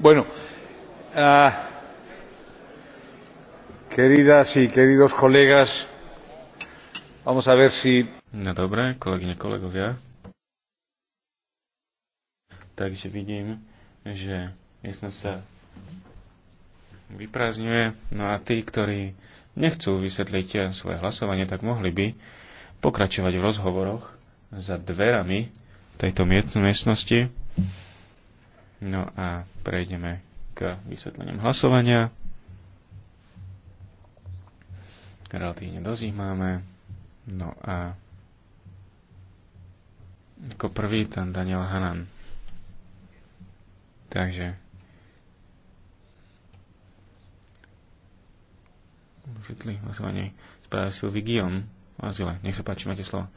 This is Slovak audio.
Bueno, uh, queridas y queridos colegas, vamos a ver si... No dobre, kolegyne, kolegovia. Takže vidím, že miestnosť sa vyprázdňuje. No a tí, ktorí nechcú vysvetliť svoje hlasovanie, tak mohli by pokračovať v rozhovoroch za dverami tejto miestnosti. No a prejdeme k vysvetleniam hlasovania. Relatívne dosť máme. No a ako prvý tam Daniel Hanan. Takže vysvetli hlasovanie správe Sylvie azile. Nech sa páči, máte slovo.